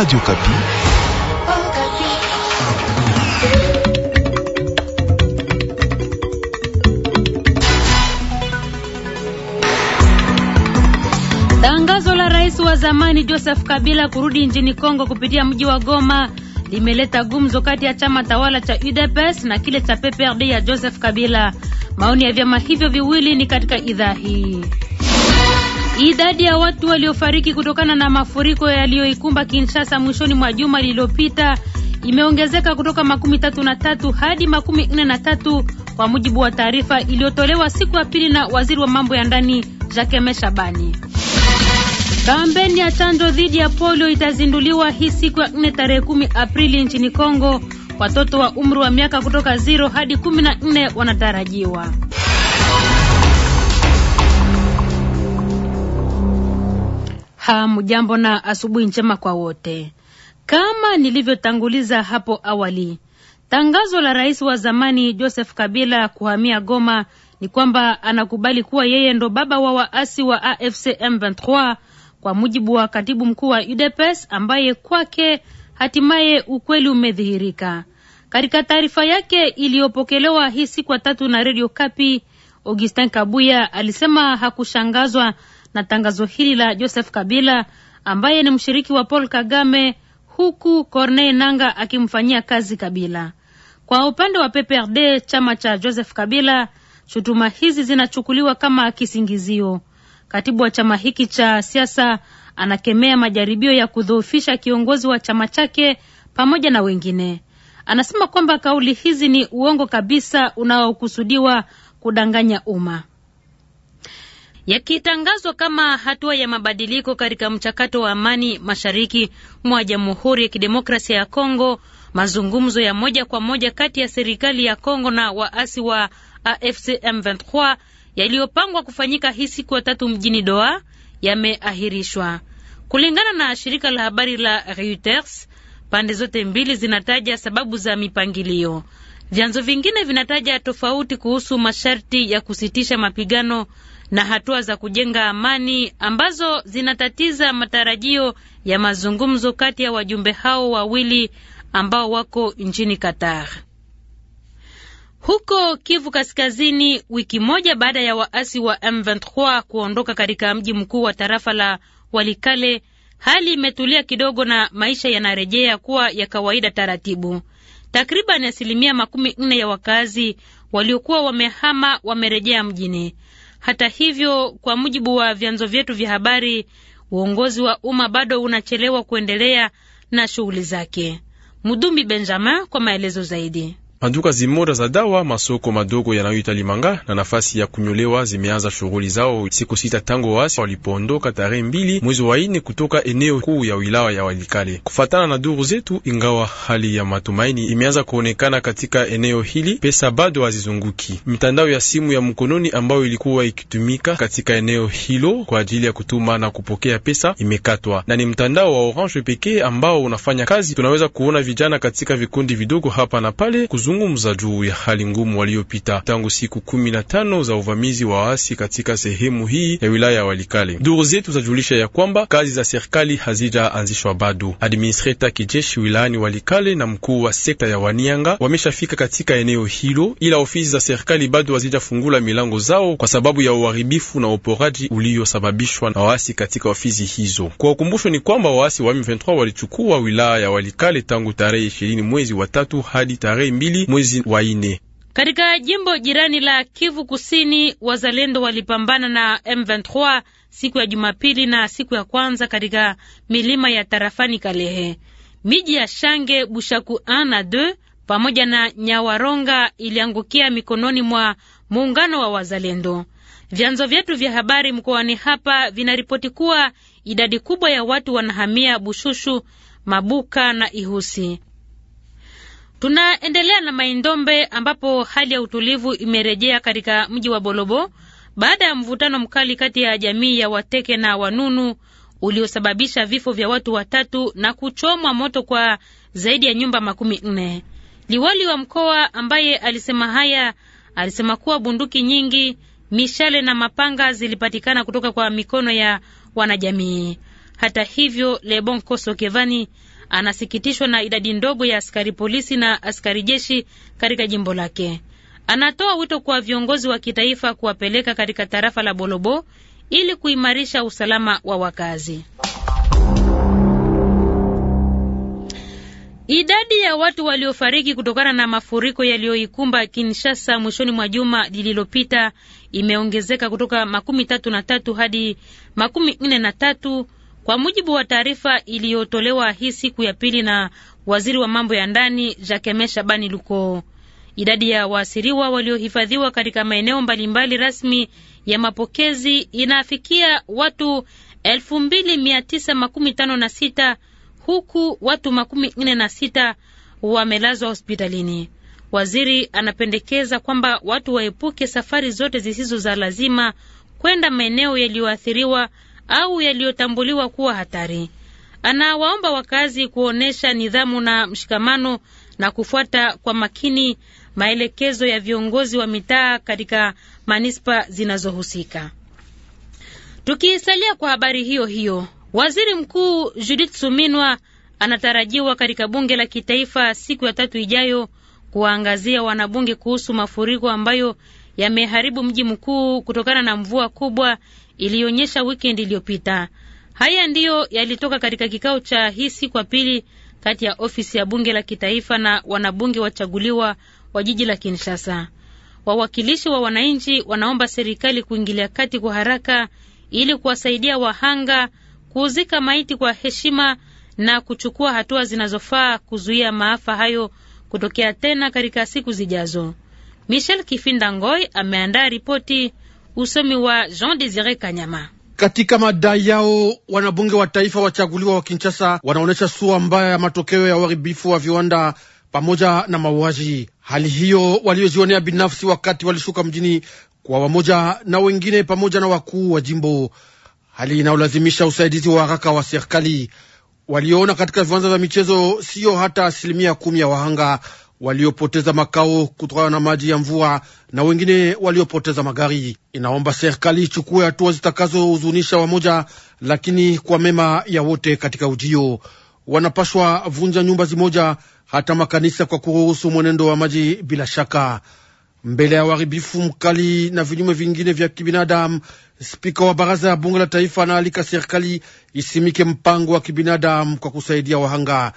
Radio Okapi. Tangazo la Rais wa zamani Joseph Kabila kurudi nchini Kongo kupitia mji wa Goma limeleta gumzo kati ya chama tawala cha UDPS na kile cha PPRD ya Joseph Kabila. Maoni ya vyama hivyo viwili ni katika idhaa hii. Idadi ya watu waliofariki kutokana na mafuriko yaliyoikumba Kinshasa mwishoni mwa juma lililopita imeongezeka kutoka makumi tatu na tatu hadi makumi nne na tatu kwa mujibu wa taarifa iliyotolewa siku ya pili na waziri wa mambo ya ndani Jacques Shabani. Kampeni ya chanjo dhidi ya polio itazinduliwa hii siku ya 4 tarehe kumi Aprili nchini Kongo. Watoto wa umri wa miaka kutoka zero hadi 14 wanatarajiwa. Hamjambo na asubuhi njema kwa wote. Kama nilivyotanguliza hapo awali, tangazo la rais wa zamani Joseph Kabila kuhamia Goma ni kwamba anakubali kuwa yeye ndo baba wa waasi wa AFC M23 kwa mujibu wa katibu mkuu wa UDPS ambaye kwake hatimaye ukweli umedhihirika. Katika taarifa yake iliyopokelewa hii siku ya tatu na Radio Kapi, Augustin Kabuya alisema hakushangazwa na tangazo hili la Joseph Kabila ambaye ni mshiriki wa Paul Kagame, huku Corneille Nanga akimfanyia kazi Kabila. Kwa upande wa PPRD, chama cha Joseph Kabila, shutuma hizi zinachukuliwa kama kisingizio. Katibu wa chama hiki cha siasa anakemea majaribio ya kudhoofisha kiongozi wa chama chake pamoja na wengine. Anasema kwamba kauli hizi ni uongo kabisa unaokusudiwa kudanganya umma yakitangazwa kama hatua ya mabadiliko katika mchakato wa amani mashariki mwa Jamhuri ya Kidemokrasia ya Kongo. Mazungumzo ya moja kwa moja kati ya serikali ya Kongo na waasi wa AFC M23 yaliyopangwa kufanyika hii siku ya tatu mjini Doha yameahirishwa. Kulingana na shirika la habari la Reuters, pande zote mbili zinataja sababu za mipangilio. Vyanzo vingine vinataja tofauti kuhusu masharti ya kusitisha mapigano na hatua za kujenga amani ambazo zinatatiza matarajio ya mazungumzo kati ya wajumbe hao wawili ambao wako nchini Qatar. Huko Kivu Kaskazini, wiki moja baada ya waasi wa M23 kuondoka katika mji mkuu wa tarafa la Walikale, hali imetulia kidogo na maisha yanarejea kuwa ya kawaida taratibu. Takriban asilimia makumi nne ya wakazi waliokuwa wamehama wamerejea mjini. Hata hivyo, kwa mujibu wa vyanzo vyetu vya habari, uongozi wa umma bado unachelewa kuendelea na shughuli zake. Mudumbi Benjamin kwa maelezo zaidi. Maduka zimoja za dawa, masoko madogo yanayoita Limanga na nafasi ya kunyolewa zimeanza shughuli zao siku sita tangu waasi walipoondoka tarehe mbili mwezi wa nne kutoka eneo kuu ya wilaya ya Walikale. Kufatana na duru zetu, ingawa hali ya matumaini imeanza kuonekana katika eneo hili, pesa bado hazizunguki. Mitandao ya simu ya mkononi ambayo ilikuwa ikitumika katika eneo hilo kwa ajili ya kutuma na kupokea pesa imekatwa, na ni mtandao wa Orange pekee ambao unafanya kazi. Tunaweza kuona vijana katika vikundi vidogo hapa na pale kuzungumza juu ya hali ngumu waliopita tangu siku kumi na tano za uvamizi wa waasi katika sehemu hii ya wilaya ya Walikale. Duru zetu zajulisha ya kwamba kazi za serikali hazijaanzishwa bado. Administrata kijeshi wilayani Walikale na mkuu wa sekta ya Wanianga wameshafika katika eneo hilo, ila ofisi za serikali bado hazijafungula milango zao kwa sababu ya uharibifu na uporaji uliosababishwa na waasi katika ofisi hizo. Kwa ukumbusho ni kwamba waasi wa M23 walichukua wilaya ya Walikale tangu tarehe ishirini mwezi wa tatu hadi tarehe mbili mbili mwezi wa ine. Katika jimbo jirani la Kivu Kusini, wazalendo walipambana na M23 siku ya Jumapili na siku ya kwanza katika milima ya tarafani Kalehe, miji ya Shange, Bushaku a na d pamoja na Nyawaronga iliangukia mikononi mwa muungano wa wazalendo. Vyanzo vyetu vya habari mkoani hapa vinaripoti kuwa idadi kubwa ya watu wanahamia Bushushu, Mabuka na Ihusi. Tunaendelea na Maindombe ambapo hali ya utulivu imerejea katika mji wa Bolobo baada ya mvutano mkali kati ya jamii ya Wateke na Wanunu uliosababisha vifo vya watu watatu na kuchomwa moto kwa zaidi ya nyumba makumi nne. Liwali wa mkoa ambaye alisema haya alisema kuwa bunduki nyingi, mishale na mapanga zilipatikana kutoka kwa mikono ya wanajamii. Hata hivyo, Lebon Koso Kevani anasikitishwa na idadi ndogo ya askari polisi na askari jeshi katika jimbo lake. Anatoa wito kwa viongozi wa kitaifa kuwapeleka katika tarafa la Bolobo ili kuimarisha usalama wa wakazi. Idadi ya watu waliofariki kutokana na mafuriko yaliyoikumba Kinshasa mwishoni mwa juma lililopita imeongezeka kutoka makumi tatu na tatu hadi makumi nne na tatu kwa mujibu wa taarifa iliyotolewa hii siku ya pili na waziri wa mambo ya ndani Jakeme Shabani Luko, idadi ya waasiriwa waliohifadhiwa katika maeneo mbalimbali rasmi ya mapokezi inafikia watu 2956 huku watu makumi wamelazwa hospitalini. Waziri anapendekeza kwamba watu waepuke safari zote zisizo za lazima kwenda maeneo yaliyoathiriwa au yaliyotambuliwa kuwa hatari. Anawaomba wakazi kuonyesha nidhamu na mshikamano na kufuata kwa makini maelekezo ya viongozi wa mitaa katika manispa zinazohusika. Tukiisalia kwa habari hiyo hiyo, waziri mkuu Judith Suminwa anatarajiwa katika bunge la kitaifa siku ya tatu ijayo kuwaangazia wanabunge kuhusu mafuriko ambayo yameharibu mji mkuu kutokana na mvua kubwa iliyonyesha wikendi iliyopita. Haya ndiyo yalitoka katika kikao cha hii siku ya pili kati ya ofisi ya bunge la kitaifa na wanabunge wachaguliwa wa jiji la Kinshasa. Wawakilishi wa wananchi wanaomba serikali kuingilia kati kwa haraka ili kuwasaidia wahanga kuuzika maiti kwa heshima na kuchukua hatua zinazofaa kuzuia maafa hayo kutokea tena katika siku zijazo. Michel Kifinda Ngoi ameandaa ripoti, usomi wa Jean Desire Kanyama. Katika madai yao wanabunge wa taifa wachaguliwa wa Kinshasa wanaonyesha sura mbaya ya matokeo ya uharibifu wa viwanda pamoja na mauaji. Hali hiyo waliojionea binafsi wakati walishuka mjini kwa wamoja na wengine pamoja na wakuu wa jimbo, hali inayolazimisha usaidizi wa haraka wa serikali. Waliona katika viwanja vya michezo siyo hata asilimia kumi ya wahanga waliopoteza makao kutokana na maji ya mvua na wengine waliopoteza magari. Inaomba serikali ichukue hatua zitakazohuzunisha wamoja, lakini kwa mema ya wote katika ujio. Wanapashwa vunja nyumba zimoja, hata makanisa kwa kuruhusu mwenendo wa maji bila shaka mbele ya uharibifu mkali na vinyume vingine vya kibinadamu, spika wa baraza ya bunge la taifa anaalika serikali isimike mpango wa kibinadamu kwa kusaidia wahanga.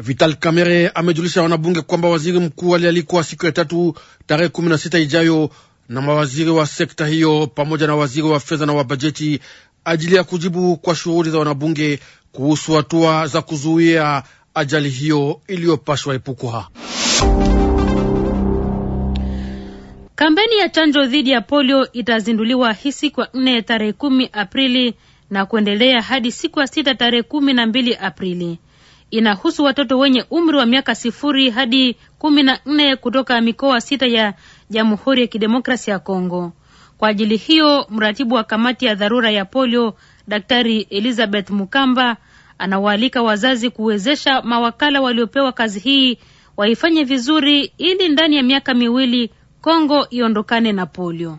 Vital Kamerhe amejulisha wanabunge kwamba waziri mkuu alialikwa siku ya tatu tarehe kumi na sita ijayo na mawaziri wa sekta hiyo pamoja na waziri wa fedha na wa bajeti ajili ya kujibu kwa shughuli za wanabunge kuhusu hatua za kuzuia ajali hiyo iliyopashwa epukwa. Kampeni ya chanjo dhidi ya polio itazinduliwa hii siku ya nne tarehe kumi Aprili na kuendelea hadi siku ya sita tarehe kumi na mbili Aprili inahusu watoto wenye umri wa miaka sifuri hadi kumi na nne kutoka mikoa sita ya Jamhuri ya kidemokrasi ya Kongo. Kwa ajili hiyo, mratibu wa kamati ya dharura ya polio Daktari Elizabeth Mukamba anawaalika wazazi kuwezesha mawakala waliopewa kazi hii waifanye vizuri ili ndani ya miaka miwili Kongo iondokane na polio.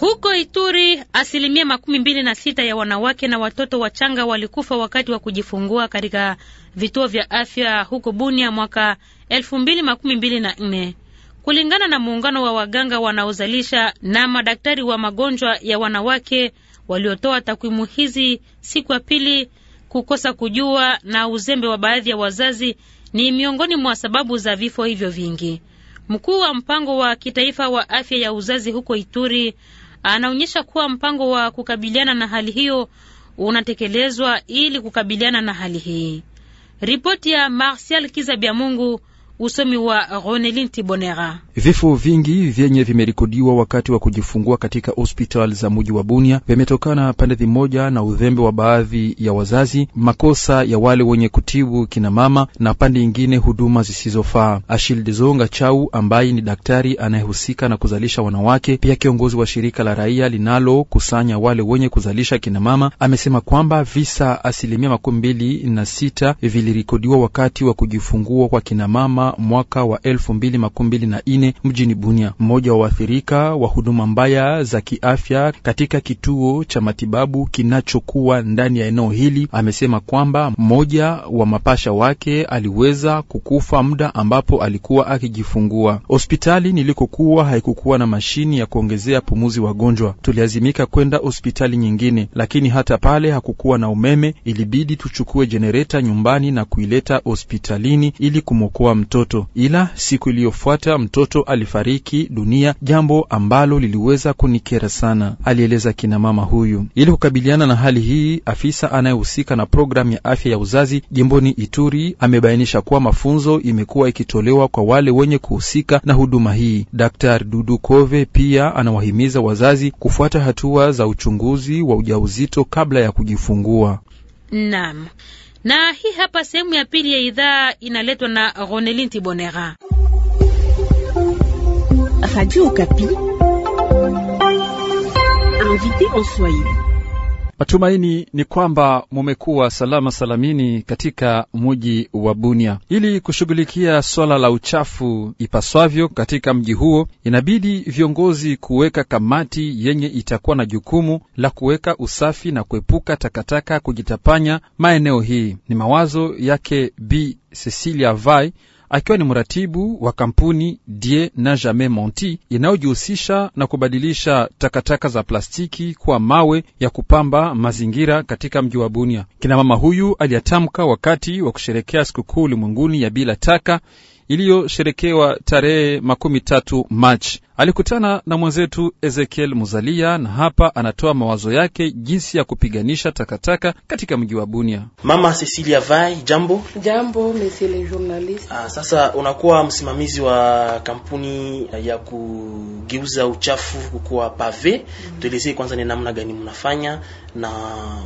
Huko Ituri asilimia makumi mbili na sita ya wanawake na watoto wachanga walikufa wakati wa kujifungua katika vituo vya afya huko Bunia mwaka elfu mbili makumi mbili na nne kulingana na muungano wa waganga wanaozalisha na madaktari wa magonjwa ya wanawake waliotoa takwimu hizi siku ya pili. Kukosa kujua na uzembe wa baadhi ya wazazi ni miongoni mwa sababu za vifo hivyo vingi. Mkuu wa mpango wa kitaifa wa afya ya uzazi huko Ituri anaonyesha kuwa mpango wa kukabiliana na hali hiyo unatekelezwa ili kukabiliana na hali hii. Ripoti ya Marsial kizabia mungu Usomi wa Ronelin Tibonera. Vifo vingi vyenye vimerekodiwa wakati wa kujifungua katika hospitali za mji wa Bunia vimetokana pande moja na udhembe wa baadhi ya wazazi, makosa ya wale wenye kutibu kinamama na pande ingine huduma zisizofaa. Ashilde Zonga Chau ambaye ni daktari anayehusika na kuzalisha wanawake, pia kiongozi wa shirika la raia linalokusanya wale wenye kuzalisha kinamama, amesema kwamba visa asilimia makumi mbili na sita vilirikodiwa wakati wa kujifungua kwa kinamama mwaka wa ine mjini Bunia. Mmoja wa waathirika wa huduma mbaya za kiafya katika kituo cha matibabu kinachokuwa ndani ya eneo hili amesema kwamba mmoja wa mapasha wake aliweza kukufa muda ambapo alikuwa akijifungua. Hospitali nilikokuwa haikukuwa na mashini ya kuongezea pumuzi wagonjwa, tuliazimika kwenda hospitali nyingine, lakini hata pale hakukuwa na umeme, ilibidi tuchukue jenereta nyumbani na kuileta hospitalini ili kumwokoa mtoto mtoto, ila siku iliyofuata mtoto alifariki dunia, jambo ambalo liliweza kunikera sana, alieleza kinamama huyu. Ili kukabiliana na hali hii, afisa anayehusika na programu ya afya ya uzazi jimboni Ituri amebainisha kuwa mafunzo imekuwa ikitolewa kwa wale wenye kuhusika na huduma hii. Daktari Dudu Kove pia anawahimiza wazazi kufuata hatua za uchunguzi wa ujauzito kabla ya kujifungua. Naam na hii hapa sehemu ya pili ya idhaa inaletwa na Ronelin Tibonera, Radio Okapi, invité en Swahili. Matumaini ni kwamba mumekuwa salama salamini katika muji wa Bunia. Ili kushughulikia swala la uchafu ipaswavyo katika mji huo, inabidi viongozi kuweka kamati yenye itakuwa na jukumu la kuweka usafi na kuepuka takataka kujitapanya maeneo hii. Ni mawazo yake Bi Cecilia Vai akiwa ni mratibu wa kampuni Die na Jamais Menti inayojihusisha na kubadilisha takataka za plastiki kuwa mawe ya kupamba mazingira katika mji wa Bunia. Kinamama huyu aliyatamka wakati wa kusherekea sikukuu ulimwenguni ya bila taka iliyosherekewa tarehe makumi tatu Machi. Alikutana na mwenzetu Ezekiel Muzalia na hapa anatoa mawazo yake jinsi ya kupiganisha takataka katika mji wa Bunia. Mama Cecilia Vai, jambo. Jambo monsieur le journaliste. Ah, sasa unakuwa msimamizi wa kampuni ya kugeuza uchafu kukuwa pave. Mm -hmm. Tuelezee kwanza ni namna gani mnafanya na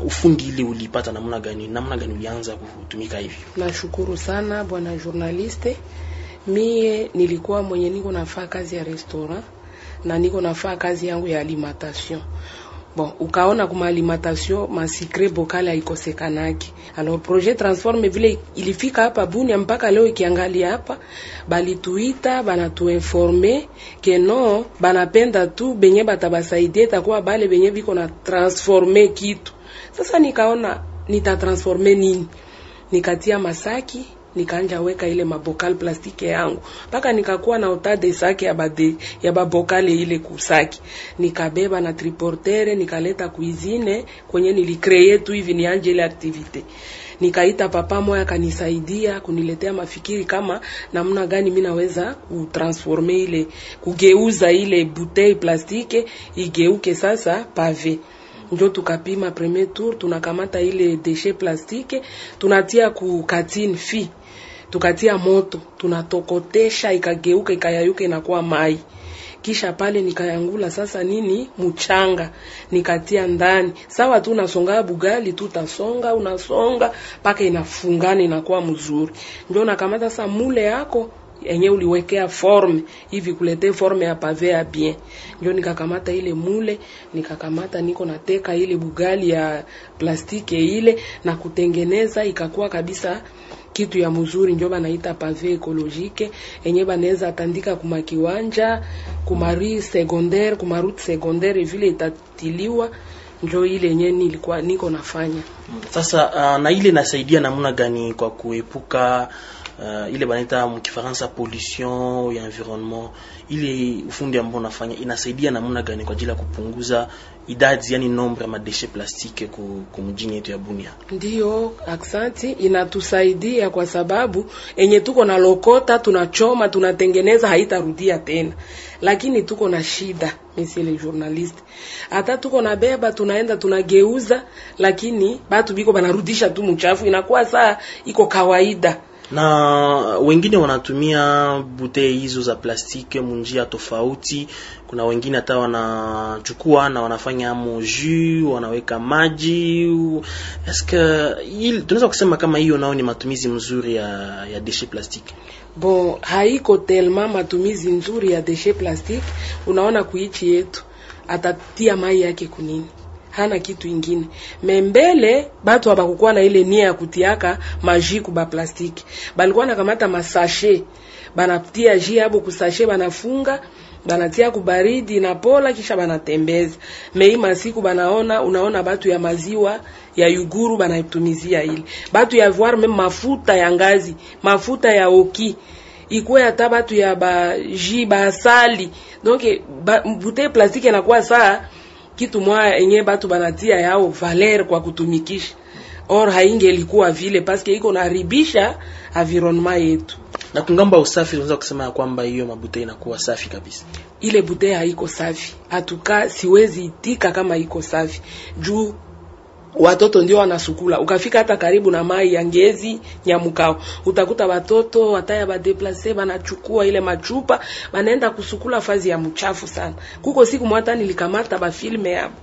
ufundi ile ulipata namna gani, namna gani ulianza kutumika hivi? Nashukuru sana bwana journaliste Mie nilikuwa mwenye niko nafaa kazi ya restaurant na niko nafaa kazi yangu ya alimentation. Bon, ukaona kuma alimentation masikre bokale haikosekanaki. Alors projet transforme vile ilifika hapa Bunia mpaka leo ikiangalia hapa, balituita banatuinforme ke no banapenda tu benye batabasaidia itakuwa bale benye biko na transforme kitu. Sasa nikaona nitatransforme nini? Nikatia Masaki nikaanja weka ile mabokal plastike yangu mpaka nikakuwa na utade saki ya bade, ya babokale ile kusaki, nikabeba na triportere nikaleta kuizine kwenye nilikreye tu hivi nianje ile activite nikaita papa moya akanisaidia kuniletea mafikiri kama namna gani mi naweza kutransforme ile kugeuza ile butei plastike igeuke sasa pave njo tukapima premier tour tunakamata ile deshe plastike tunatia ku katine fi tukatia moto tunatokotesha, ikageuka ikayayuka, inakuwa mai. Kisha pale nikayangula sasa nini mchanga, nikatia ndani. Sawa tu nasonga bugali, tu tasonga unasonga mpaka inafungana inakuwa mzuri. Ndio nakamata sasa mule yako enye uliwekea forme hivi kulete forme ya pave ya bien, ndio nikakamata ile mule, nikakamata niko nateka ile bugali ya plastiki ile na kutengeneza, ikakuwa kabisa kitu ya mzuri njo banaita pave ekologike enye banaweza atandika kumakiwanja kumari secondaire kumarute secondaire vile itatiliwa njo ile yenye nilikuwa niko nafanya sasa. Uh, na ile nasaidia namna gani kwa kuepuka uh, ile banaita mkifaransa pollution ya environnement, ile ufundi ambao unafanya inasaidia namna gani kwa ajili ya kupunguza idadi yani nombre ya madeshe plastike mjini yetu ya Bunia? Ndio, aksanti, inatusaidia kwa sababu enye tuko na lokota, tunachoma, tunatengeneza, haitarudia tena, lakini tuko na shida misile journaliste, hata tuko na beba, tunaenda tunageuza, lakini batu biko banarudisha tu mchafu, inakuwa saa iko kawaida na wengine wanatumia butei hizo za plastiki munjia tofauti. Kuna wengine hata wanachukua na wanafanya moju wanaweka maji. Eske tunaweza kusema kama hiyo nao ni matumizi mzuri ya, ya deshe plastiki? Bon, haiko telma matumizi nzuri ya deshe plastiki. Unaona kuichi yetu atatia mai yake kunini hana kitu ingine membele. Batu abakukuwa na ile nia ya kutiaka maji kuba plastiki, balikuwa nakamata masashe banatia ji hapo kusashe, banafunga banatia kubaridi na pola, kisha banatembeza mei masiku banaona. Unaona batu ya maziwa ya yuguru banaitumizia ile batu ya voir meme mafuta ya ngazi, mafuta ya oki ikuwe hata batu ya baji basali donc ba, butei plastiki inakuwa saa kitu mwa enye batu banatia yao valer kwa kutumikisha, or hainge ilikuwa vile paske iko naharibisha avironma yetu. Na kungamba usafi, unaweza kusema ya kwamba hiyo mabute inakuwa safi kabisa. Ile bute haiko safi, hatuka siwezi itika kama iko safi juu watoto ndio wanasukula, ukafika hata karibu na mai ya ngezi nyamukao, utakuta watoto wataya badeplase banachukua ile machupa banaenda kusukula fazi ya mchafu sana. Kuko siku mwata nilikamata bafilme yabo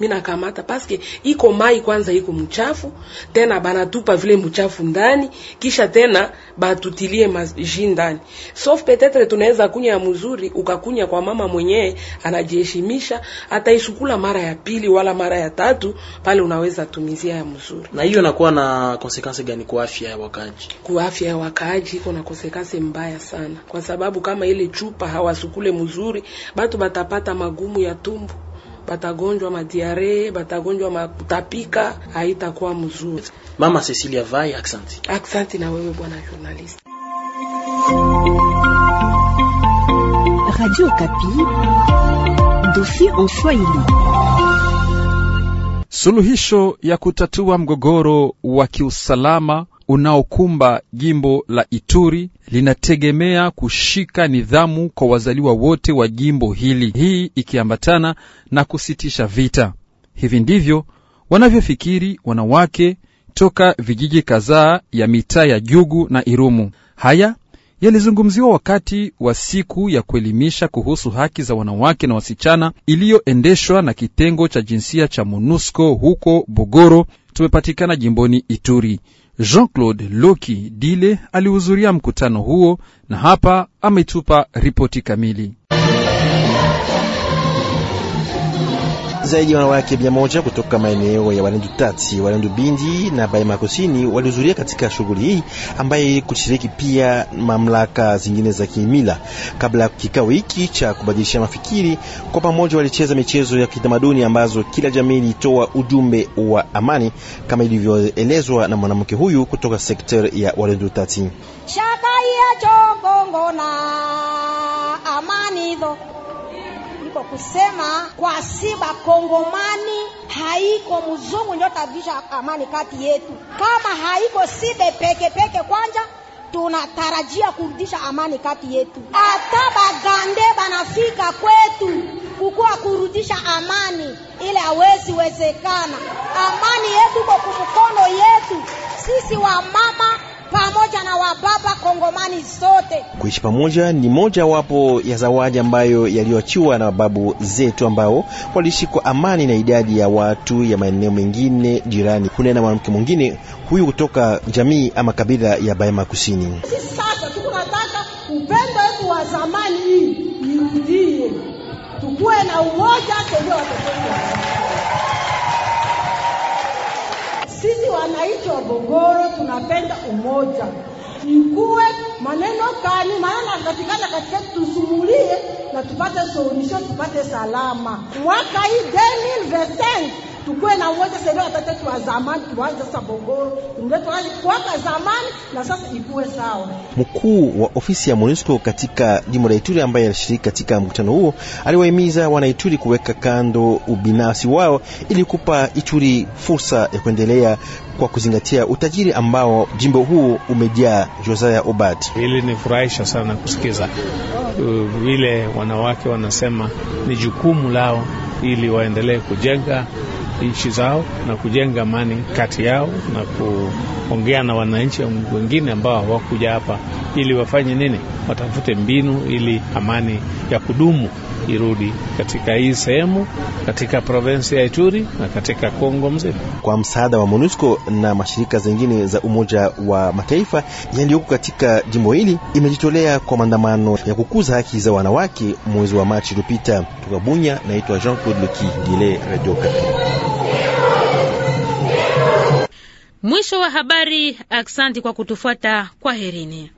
mimi nakamata paske iko mai kwanza iko mchafu, tena banatupa vile mchafu ndani, kisha tena batutilie maji ndani. Sauf peut-être tunaweza kunya ya mzuri, ukakunya kwa mama mwenyewe anajiheshimisha, ataishukula mara ya pili wala mara ya tatu, pale unaweza tumizia ya mzuri. Na hiyo inakuwa na konsekansi gani kwa afya ya wakaaji? Kwa afya ya wakaaji iko na konsekansi mbaya sana, kwa sababu kama ile chupa hawasukule mzuri, batu batapata magumu ya tumbo batagonjwa madiare, batagonjwa matapika, haitakuwa mzuri. Mama Cecilia Vai, aksanti. Aksanti na wewe bwana journalist. Radio Kapi, dossier en Swahili. Suluhisho ya kutatua mgogoro wa kiusalama unaokumba jimbo la Ituri linategemea kushika nidhamu kwa wazaliwa wote wa jimbo hili, hii ikiambatana na kusitisha vita. Hivi ndivyo wanavyofikiri wanawake toka vijiji kadhaa ya mitaa ya Jugu na Irumu. Haya yalizungumziwa wakati wa siku ya kuelimisha kuhusu haki za wanawake na wasichana iliyoendeshwa na kitengo cha jinsia cha MONUSCO huko Bogoro, tumepatikana jimboni Ituri. Jean-Claude Loki Dile alihudhuria mkutano huo na hapa ametupa ripoti kamili. Zaidi ya wanawake mia moja kutoka maeneo ya Walendu Tati, Walendu Bindi na Baima Kusini walihudhuria katika shughuli hii ambaye kushiriki pia mamlaka zingine za kimila. Kabla ya kikao hiki cha kubadilisha mafikiri, kwa pamoja walicheza michezo ya kitamaduni ambazo kila jamii ilitoa ujumbe wa amani kama ilivyoelezwa na mwanamke huyu kutoka sekta ya Walendu Tati. Shaka ya chongongona amani do andiko kusema kwa siba kongomani haiko mzungu ndio amani kati yetu. Kama haiko sibe peke peke, kwanja tunatarajia kurudisha amani kati yetu. Hata bagande banafika kwetu kukuwa kurudisha amani ile hawezi wezekana. Amani yetu kwa mkono yetu sisi wa mama pamoja na wababa kongomani zote. Kuishi pamoja ni moja wapo ya zawadi ambayo yaliyoachiwa na babu zetu ambao waliishi kwa amani na idadi ya watu ya maeneo mengine jirani. Kunena mwanamke mwingine huyu kutoka jamii ama kabila ya Bahema Kusini. Sasa tukunataka upendo wetu wa zamani hii irudie, tukuwe na umoja, tuende watoto Sisi wananchi wa Bogoro tunapenda umoja, ikuwe maneno kani, maana katikana katika, tusumulie na tupate solution, tupate salama mwaka hii tukuwe na umoja saidia watoto wa zamani, tuanze sasa Bogoro kuwaka zamani na sasa ikuwe sawa. Mkuu wa ofisi ya MONUSCO katika jimbo la Ituri ambaye alishiriki katika mkutano huo aliwahimiza wanaituri kuweka kando ubinafsi wao ili kupa Ituri fursa ya kuendelea kwa kuzingatia utajiri ambao jimbo huu umejaa. Josaya Obad: furahisha sana kusikiza vile uh, wanawake wanasema ni jukumu lao ili waendelee kujenga nchi zao na kujenga amani kati yao na kuongea na wananchi wengine ambao hawakuja hapa ili wafanye nini, watafute mbinu ili amani ya kudumu irudi katika hii sehemu, katika provensi ya Ituri na katika Kongo mzima. Kwa msaada wa MONUSCO na mashirika zengine za Umoja wa Mataifa yaliyoko katika jimbo hili, imejitolea kwa maandamano ya kukuza haki za wanawake mwezi wa Machi uliopita. Toka Bunya, naitwa Jean Claude Dile, Radio Okapi. Mwisho wa habari. Aksanti kwa kutufuata. kwa herini